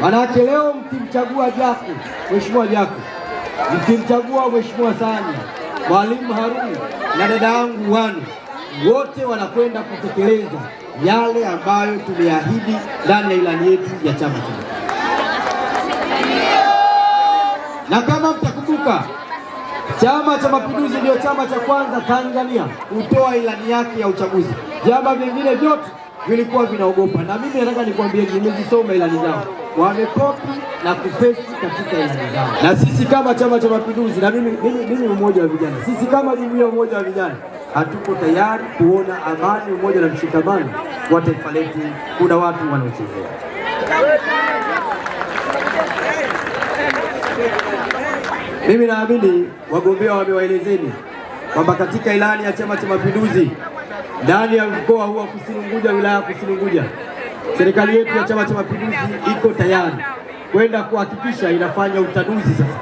Manake leo mkimchagua Jaku, Mheshimiwa Jaku, mkimchagua Mheshimiwa Sani, Mwalimu Haruni na dada yangu Wanu, wote wanakwenda kutekeleza yale ambayo tumeahidi ndani ya ilani yetu ya Chama cha Na kama mtakumbuka, Chama cha Mapinduzi ndiyo chama cha kwanza Tanzania kutoa ilani yake ya uchaguzi. Vyama vingine vyote vilikuwa vinaogopa, na mimi nataka nikwambie, nimezisoma ilani zao wamekopi na kupesi katika elimu zao. Na sisi kama Chama cha Mapinduzi, na mimi mimi mmoja wa vijana, sisi kama jumuiya umoja wa vijana hatuko tayari kuona amani, umoja na mshikamano wa taifa letu kuna watu wanaochezea. Mimi naamini wagombea wamewaelezeni kwamba katika ilani ya Chama cha Mapinduzi ndani ya mkoa huu wa Kusini Unguja, wilaya ya Kusini Unguja serikali yetu ya Chama cha Mapinduzi iko tayari kwenda kuhakikisha inafanya utaduzi sasa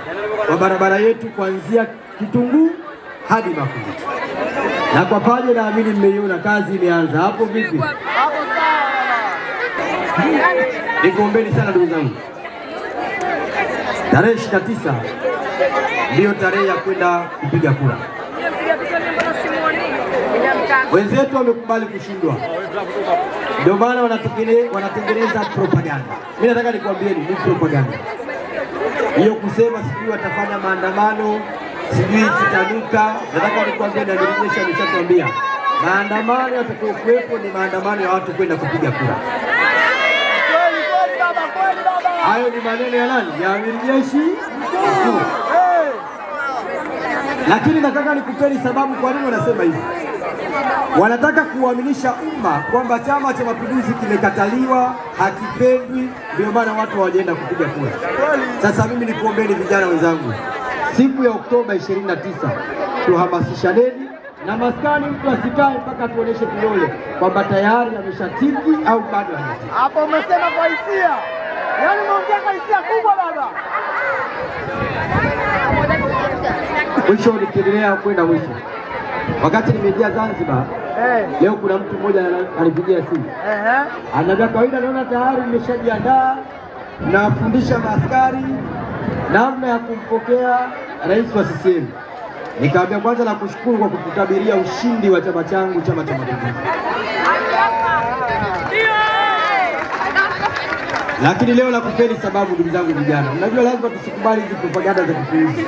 wa barabara yetu kuanzia Kitunguu hadi Makunduchi. Na kwa pale naamini mmeiona kazi imeanza hapo. Vipi? Nikuombeni sana ndugu zangu, tarehe 29 ndiyo tarehe ya kwenda kupiga kura. Wenzetu wamekubali kushindwa, ndio maana wanatengeneza propaganda. Mimi nataka nikuambieni ni propaganda hiyo, kusema sijui watafanya maandamano sijui zitanuka. Nataka nikwambie, na jeshi ameshakwambia maandamano yatakayokuwepo ni maandamano ya watu kwenda kupiga kura. Hayo ni maneno ya nani? Ya amiri jeshi mkuu. Lakini nataka nikupeni sababu kwa nini wanasema hivi wanataka kuuaminisha umma kwamba Chama cha Mapinduzi kimekataliwa, hakipendwi, ndio maana watu hawajaenda kupiga kura. Sasa mimi nikuombeni vijana wenzangu, siku ya Oktoba 29 tuhamasishaneni, na maskani mtu asikae mpaka tuoneshe kidole kwamba tayari ameshatiki au bado hapo. Umesema kwa hisia, yaani umeongea kwa hisia kubwa baba. Mwisho nikiendelea kwenda mwisho Wakati nimejia Zanzibar hey. Eh. Leo kuna mtu mmoja alipigia simu hey. Ananiambia kawaida, naona tayari nimeshajiandaa, nawafundisha maaskari namna ya kumpokea rais wa CCM. Nikaambia kwanza, nakushukuru kwa kututabiria ushindi wa chama changu, Chama cha Mapinduzi. Lakini leo nakupeni sababu, ndugu zangu vijana, unajua lazima tusikubali hizi propaganda za kipuuzi.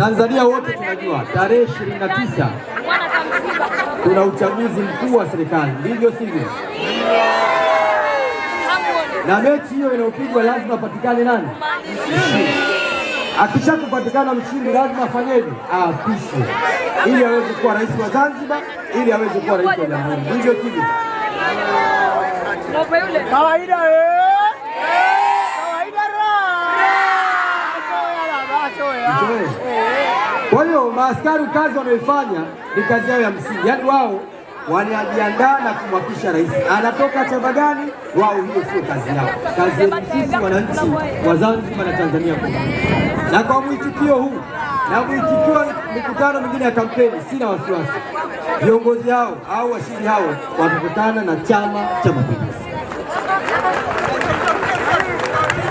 Tanzania wote tunajua tarehe ishirini na tisa kuna uchaguzi mkuu wa serikali, ndivyo sivyo? Na mechi hiyo inayopigwa lazima apatikane nani? Akisha kupatikana mshindi lazima afanyeje? Aapishwe ili aweze kuwa rais wa Zanzibar, ili aweze kuwa rais wa jamhuri, ndivyo sivyo? kawaida eh? Kwa hiyo maaskari, kazi wanaoifanya ni kazi yao ya msingi, yaani wao wanajiandaa na kumwapisha rais. Anatoka chama gani? Wao hiyo sio kazi yao. Kazi yetu sisi wananchi wa Zanzibar na Tanzania kubwa. Na kwa mwitikio huu na mwitikio mikutano mingine ya kampeni, sina wasiwasi viongozi hao au washindi hao watakutana na Chama cha Mapinduzi.